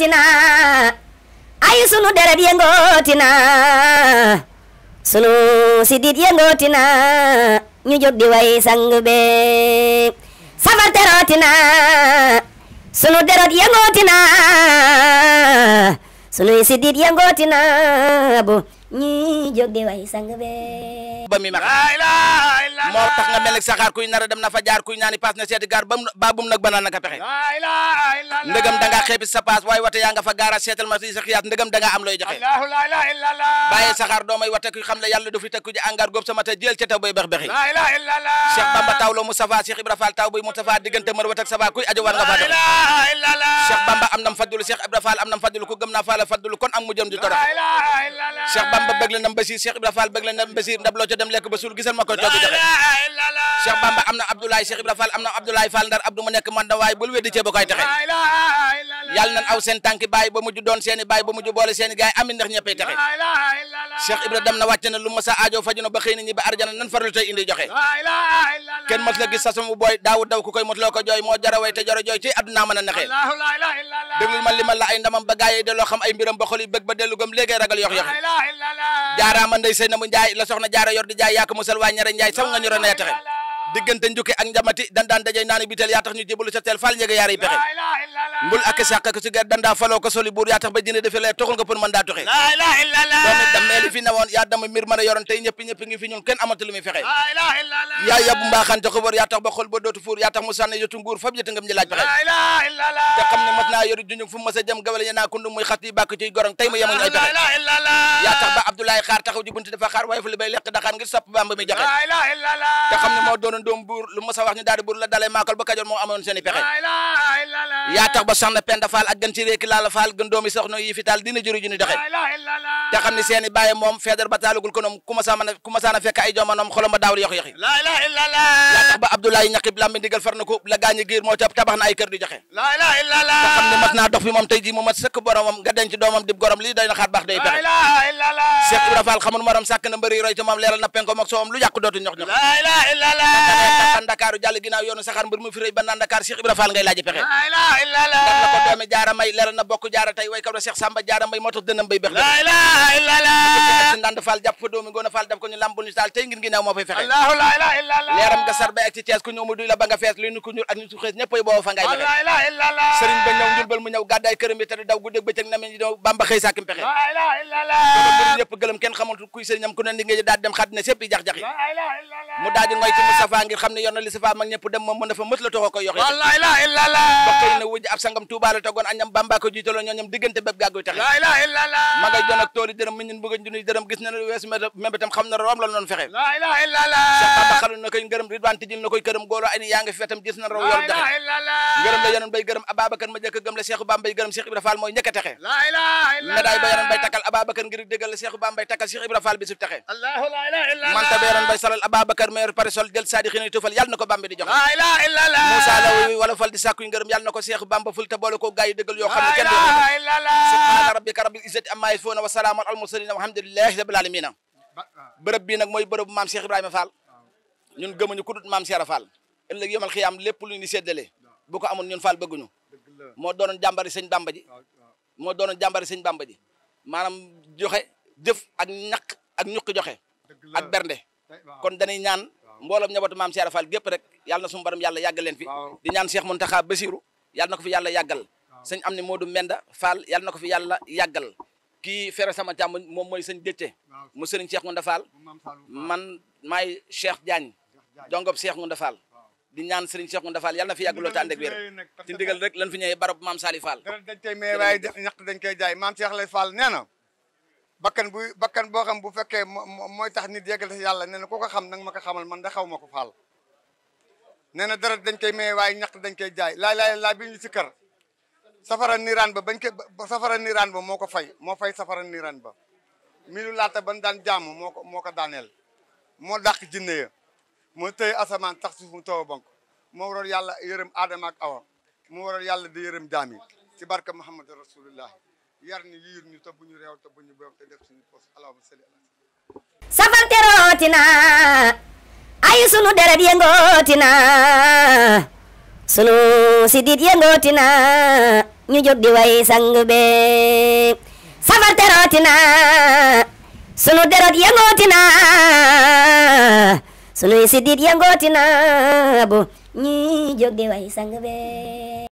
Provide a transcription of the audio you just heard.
yëngootina ay sunu deret yëngootina sunu sidit yëngootina ñu jóg di way sang be safar terootina sunu deret yëngootina sunuy sidit yëngootina bu ñi jóg di way sang be tax nga mel saxaar kuy nar a dem na fa jaar kuy ñaani paas na seeti gaar ba baa bum nag banaan pexe ndegam da nga xeebi sa waaye wata yaa fa gaara seetal ma si sa xiyaat am looy joxe allahu saxaar doomay wata ku xam ne yàlla du fi ji angar góob sama ta jël ca bex bexi la ilaha illallah Cheikh Bamba tawlo Ibra Fall taw bay Moustapha diggante mër watak safa kuy ajo war fa la ilaha illallah Cheikh Bamba am nam faddulu Cheikh Ibra Fall am nam faddulu ku gëm naa faala faddulu kon am mu jëm di toro la ilaha yàlla nan aw seen tànki baay ba mujj doon seen baay ba mujj boole seen i gars yi amin ndax ñëppay texe Cheikh Ibra na wàcc na lu ma sa aajo faju na ba xëy na ñi ba arjana nan farlu tey indi joxe kenn mos la gis sa booy daawu daw ku koy mos loo ko jooy moo jara way te jara jooy ci àdduna mën a naxee déglul ma li la ay ndamam ba gaay yi delloo xam ay mbiram ba xol yi bëgg ba dellu léegi ragal yox yox jaaraama ndey sëy na mu njaay la soxna jaara yor diggante njukki ak njamati dan daan biteel yaa tax ñu jébalu sa faal njega yaaray pexe mbul ak sàq ko si gar dandaa faloo ko soli buur yaa tax ba jëne defe lay toxul nga pour mën daa a fexe yaa yab mbaaxante ko bor yaa tax ba xol ba fuur yaa tax mu sànni yotu nguur fab jëtë ngam ñi laaj pexe te xam ne mat naa yoru junjung fu mas a jëm gawale ñe naa kundu muy xat yi bàkk ciy gorong tey yaa tax ba Abdoulaye xaar taxaw ji bunti dafa xaar waaye fu li doon doom buur lu mos a wax buur la dalee maakal ba kajoor moo amoon seen i yaa tax ba soxna Penda Fall ak gën ci réeki laala Fall gën doomi soxna taal dina jëriñu ni doxe te ni seeni bàyyi moom feedar ba taalugul ko noom ku ma saana ku ma saana fekk ay jomanoom xolam ba daawar yox yoxi laa ilaha illallah yaa tax ba Abdoulaye ñaqib lam ndigal far na ko giir moo tabax na ay kër di joxe laa ilaha illallah te xam ne mat naa dox fi moom tey ji mu moom leeral na penko mook soowam lu yàqu dootu ñox ñox laa ilaha illallah Ndakaaru jàll ginnaaw yoonu saxaar ba naan Ndakaar Cheikh Ibra la ko doomi jaara may leral na bokk jaara tey way kaw da Cheikh Samba jaara may moo tax dënam bay bex la ilaha illallah ndand faal jàpp fa doomi ngoon a faal daf ko ñu lambul ñu taal tey ngir ngi neew moo fay fexe la ilaha illallah leeram nga sar bay ak ci Thiès ku ñëw mu duy la ba nga fees lu ñu ku ñuul ak ñu su xees ñëpp ay booba fa ngay bex la ilaha illallah sëriñ ba ñëw njulbal mu ñëw gàddaay këram bi te daw guddeeg bëccëg na mi do bamba xëy sàkkim pexe la ilaha illallah ñëpp gëlëm kenn xamul kuy sëriñam ku ne di nga daal dem xàddina sépp yi jax-jax yi mu daal di ngoy ci Moustapha ngir xam ne yoon na li Moustapha mag ñëpp dem moom mën na fa mës la toxoo koy yoxe ne wujj ab sangam Tuuba la togoon añam Bamba ko jiitaloo ñoo ñam diggante bépp gàgguy tax la ilaha illallah ma ngay doon ak tooli dërëm mi ñun bëgg junni dërëm gis na ne weesu même itam xam na room la noonu fexe la ilaha illallah sax xalu na koy ngërëm ridwaan tijil na koy kërëm góolo ay yaa ngi fi itam gis na room yor jaxe ngërëm la yonoon bay gërëm Ababacar ma jëkk gëm la Seexu Bambay gërëm Seex Ibra Faal mooy ñëkk a texe la ilaha illallah médaay ba yonoon bay takkal Ababacar ngir déggal Seexu Bambay takkal Seex Ibra Faal bi su texe allahu la ilaha illallah man ta yonoon bay salal Ababacar mayor parisol jël saadi xina tufal yàlla na ko Bambay di jox la ilaha illallah Moussa la wala fal di sàkku ngërëm yàlla na ko Seexu Bamba ful te boole ko gaay yi dëggal yoo xam ne kenn subhaana rabbika rabbil izzati amma yasifuun wa salaamun alal mursaliin walhamdulillahi rabbil aalamiin bërëb bii nag mooy bërëbu maam Cheikh Ibrahima Fall ñun gëmuñu ku dut maam Cheikh Fall ëllëg yomal xiyaam lépp lu ñu séddale bu ko amoon ñun Fall bëgguñu moo doonoon jàmbari sëñ Bamba ji moo doonoon jàmbari sëñ Bamba ji maanaam joxe jëf ak ñaq ak ñuqi joxe ak bernde kon dañuy ñaan mbooloom ñabatu maam Cheikh Fall gépp rek yàlla na suñu borom yàlla yàgg leen fi di ñaan Cheikh Mountakha Bassirou yàlla na ko fi yàlla yàggal sëñ am ni Modou Menda Fall yàlla na ko fi yàlla yàggal ki fere sama jàmm moom mooy sëñ Dété mu sëriñ Cheikh Ngounda Fall man maay Cheikh Diagne dongob Cheikh Ngounda Fall di ñaan sëriñ Cheikh Ngounda Fall yàlla na fi yàgg lool te ànd ak wér ci ndigal rek lan fi ñëwee barab maam Sali Fall dañ koy jaay maam Cheikh lay Fall nee na bakkan bu boo xam bu fekkee mooy tax nit yeggal yàlla nee na ku ko xam nag ma ko xamal man da xaw ma ko Fall nee na dara dañ koy maye waaye ñaq dañ koy jaay laay laa bi ñu si kër safara niiraan ba bañ ko safara niiraan ba moo ko fay moo fay safara niiraan ba milu laata ban daan jaamu moo ko moo ko daaneel moo dàq jinne ya moo tëye asamaan tax suuf mu taw a moo waral yàlla yërëm aadama ak awa moo waral yàlla di yërëm jaam yi ci barka muhammad rasulullah yar ni yiir ñu te buñu ñu réew te bu ñu boom te def suñu pos allahumma salli ala safanterooti na way sunu deret yëngooti na sunu sidit yëngooti na ñu jóg di way sang safar terooti na sunu deret yëngooti na sunu sidit yëngooti na bu ñu jóg di way sang